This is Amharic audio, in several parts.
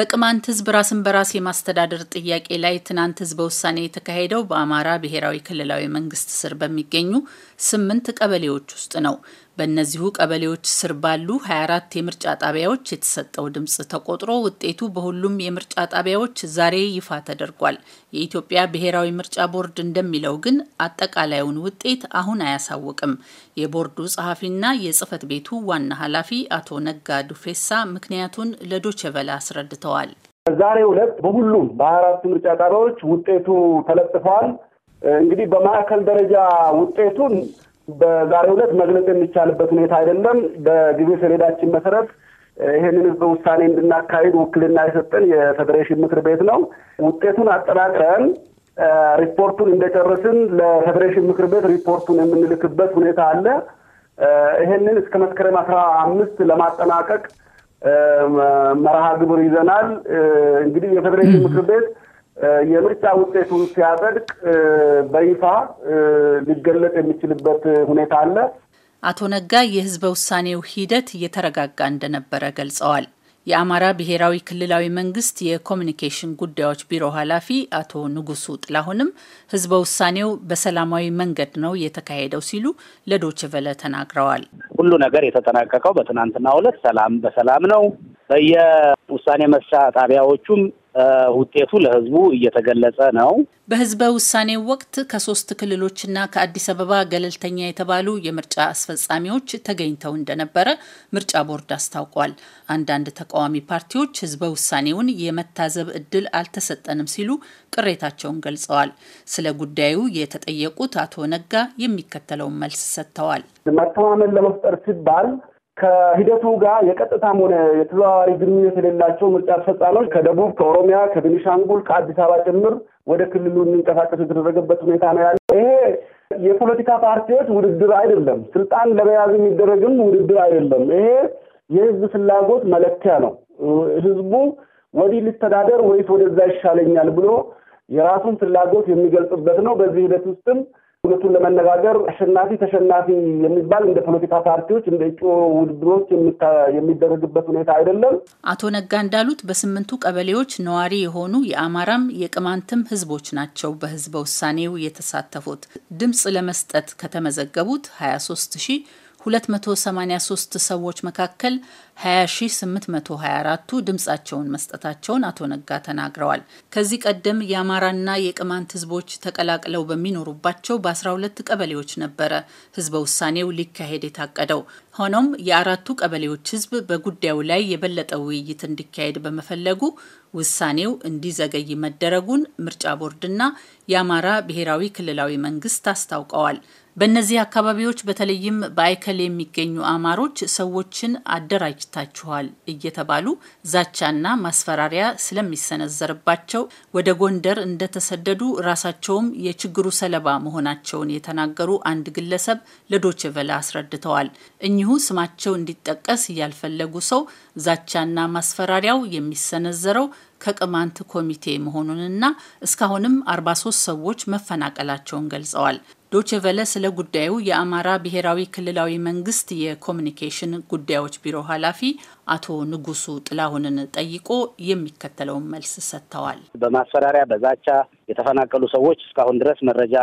በቅማንት ህዝብ ራስን በራስ የማስተዳደር ጥያቄ ላይ ትናንት ህዝበ ውሳኔ የተካሄደው በአማራ ብሔራዊ ክልላዊ መንግስት ስር በሚገኙ ስምንት ቀበሌዎች ውስጥ ነው። በእነዚሁ ቀበሌዎች ስር ባሉ 24 የምርጫ ጣቢያዎች የተሰጠው ድምፅ ተቆጥሮ ውጤቱ በሁሉም የምርጫ ጣቢያዎች ዛሬ ይፋ ተደርጓል። የኢትዮጵያ ብሔራዊ ምርጫ ቦርድ እንደሚለው ግን አጠቃላዩን ውጤት አሁን አያሳውቅም። የቦርዱ ጸሐፊና የጽህፈት ቤቱ ዋና ኃላፊ አቶ ነጋ ዱፌሳ ምክንያቱን ለዶቸቨላ አስረድተዋል። ዛሬ ሁለት በሁሉም በአራት ምርጫ ጣቢያዎች ውጤቱ ተለጥፏል። እንግዲህ በማዕከል ደረጃ ውጤቱን በዛሬ ዕለት መግለጽ የሚቻልበት ሁኔታ አይደለም። በጊዜ ሰሌዳችን መሰረት ይህንን ህዝበ ውሳኔ እንድናካሂድ ውክልና የሰጠን የፌዴሬሽን ምክር ቤት ነው። ውጤቱን አጠናቅረን ሪፖርቱን እንደጨረስን ለፌዴሬሽን ምክር ቤት ሪፖርቱን የምንልክበት ሁኔታ አለ። ይህንን እስከ መስከረም አስራ አምስት ለማጠናቀቅ መርሃ ግብር ይዘናል። እንግዲህ የፌዴሬሽን ምክር ቤት የምርጫ ውጤቱን ሲያጸድቅ በይፋ ሊገለጽ የሚችልበት ሁኔታ አለ። አቶ ነጋ የህዝበ ውሳኔው ሂደት እየተረጋጋ እንደነበረ ገልጸዋል። የአማራ ብሔራዊ ክልላዊ መንግስት የኮሚኒኬሽን ጉዳዮች ቢሮ ኃላፊ አቶ ንጉሱ ጥላሁንም ህዝበ ውሳኔው በሰላማዊ መንገድ ነው የተካሄደው ሲሉ ለዶችቨለ ተናግረዋል። ሁሉ ነገር የተጠናቀቀው በትናንትናው ዕለት ሰላም በሰላም ነው። በየውሳኔ መስጫ ጣቢያዎቹም ውጤቱ ለህዝቡ እየተገለጸ ነው። በህዝበ ውሳኔው ወቅት ከሶስት ክልሎችና ከአዲስ አበባ ገለልተኛ የተባሉ የምርጫ አስፈጻሚዎች ተገኝተው እንደነበረ ምርጫ ቦርድ አስታውቋል። አንዳንድ ተቃዋሚ ፓርቲዎች ህዝበ ውሳኔውን የመታዘብ እድል አልተሰጠንም ሲሉ ቅሬታቸውን ገልጸዋል። ስለ ጉዳዩ የተጠየቁት አቶ ነጋ የሚከተለውን መልስ ሰጥተዋል። መተማመን ለመፍጠር ሲባል ከሂደቱ ጋር የቀጥታም ሆነ የተዘዋዋሪ ግንኙነት የሌላቸው ምርጫ አስፈጻሚዎች ከደቡብ፣ ከኦሮሚያ፣ ከቤኒሻንጉል፣ ከአዲስ አበባ ጭምር ወደ ክልሉ እንዲንቀሳቀሱ የተደረገበት ሁኔታ ነው ያለ። ይሄ የፖለቲካ ፓርቲዎች ውድድር አይደለም። ስልጣን ለመያዝ የሚደረግም ውድድር አይደለም። ይሄ የህዝብ ፍላጎት መለኪያ ነው። ህዝቡ ወዲህ ልተዳደር ወይስ ወደዛ ይሻለኛል ብሎ የራሱን ፍላጎት የሚገልጽበት ነው። በዚህ ሂደት ውስጥም እውነቱን ለመነጋገር አሸናፊ ተሸናፊ የሚባል እንደ ፖለቲካ ፓርቲዎች እንደ እጩ ውድድሮች የሚደረግበት ሁኔታ አይደለም። አቶ ነጋ እንዳሉት በስምንቱ ቀበሌዎች ነዋሪ የሆኑ የአማራም የቅማንትም ህዝቦች ናቸው በህዝበ ውሳኔው የተሳተፉት ድምፅ ለመስጠት ከተመዘገቡት 23 283 ሰዎች መካከል 20824ቱ ድምፃቸውን መስጠታቸውን አቶ ነጋ ተናግረዋል። ከዚህ ቀደም የአማራና የቅማንት ህዝቦች ተቀላቅለው በሚኖሩባቸው በ12 ቀበሌዎች ነበረ ህዝበ ውሳኔው ሊካሄድ የታቀደው። ሆኖም የአራቱ ቀበሌዎች ህዝብ በጉዳዩ ላይ የበለጠ ውይይት እንዲካሄድ በመፈለጉ ውሳኔው እንዲዘገይ መደረጉን ምርጫ ቦርድና የአማራ ብሔራዊ ክልላዊ መንግስት አስታውቀዋል። በእነዚህ አካባቢዎች በተለይም በአይከል የሚገኙ አማሮች ሰዎችን አደራጅታችኋል እየተባሉ ዛቻና ማስፈራሪያ ስለሚሰነዘርባቸው ወደ ጎንደር እንደተሰደዱ ራሳቸውም የችግሩ ሰለባ መሆናቸውን የተናገሩ አንድ ግለሰብ ለዶቼ አስረድተዋል። እኚሁ ስማቸው እንዲጠቀስ ያልፈለጉ ሰው ዛቻና ማስፈራሪያው የሚሰነዘረው ከቅማንት ኮሚቴ መሆኑንና እስካሁንም 43 ሰዎች መፈናቀላቸውን ገልጸዋል። ዶችቨለ ስለ ጉዳዩ የአማራ ብሔራዊ ክልላዊ መንግስት የኮሚኒኬሽን ጉዳዮች ቢሮ ኃላፊ አቶ ንጉሱ ጥላሁንን ጠይቆ የሚከተለውን መልስ ሰጥተዋል። በማስፈራሪያ በዛቻ የተፈናቀሉ ሰዎች እስካሁን ድረስ መረጃ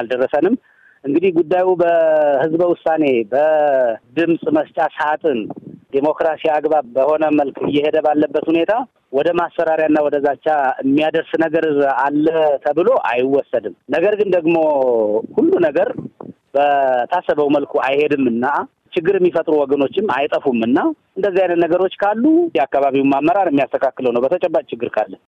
አልደረሰንም። እንግዲህ ጉዳዩ በህዝበ ውሳኔ በድምፅ መስጫ ሳጥን ዲሞክራሲ አግባብ በሆነ መልክ እየሄደ ባለበት ሁኔታ ወደ ማስፈራሪያና ወደ ዛቻ የሚያደርስ ነገር አለ ተብሎ አይወሰድም። ነገር ግን ደግሞ ሁሉ ነገር በታሰበው መልኩ አይሄድም እና ችግር የሚፈጥሩ ወገኖችም አይጠፉም እና እንደዚህ አይነት ነገሮች ካሉ የአካባቢውን አመራር የሚያስተካክለው ነው በተጨባጭ ችግር ካለ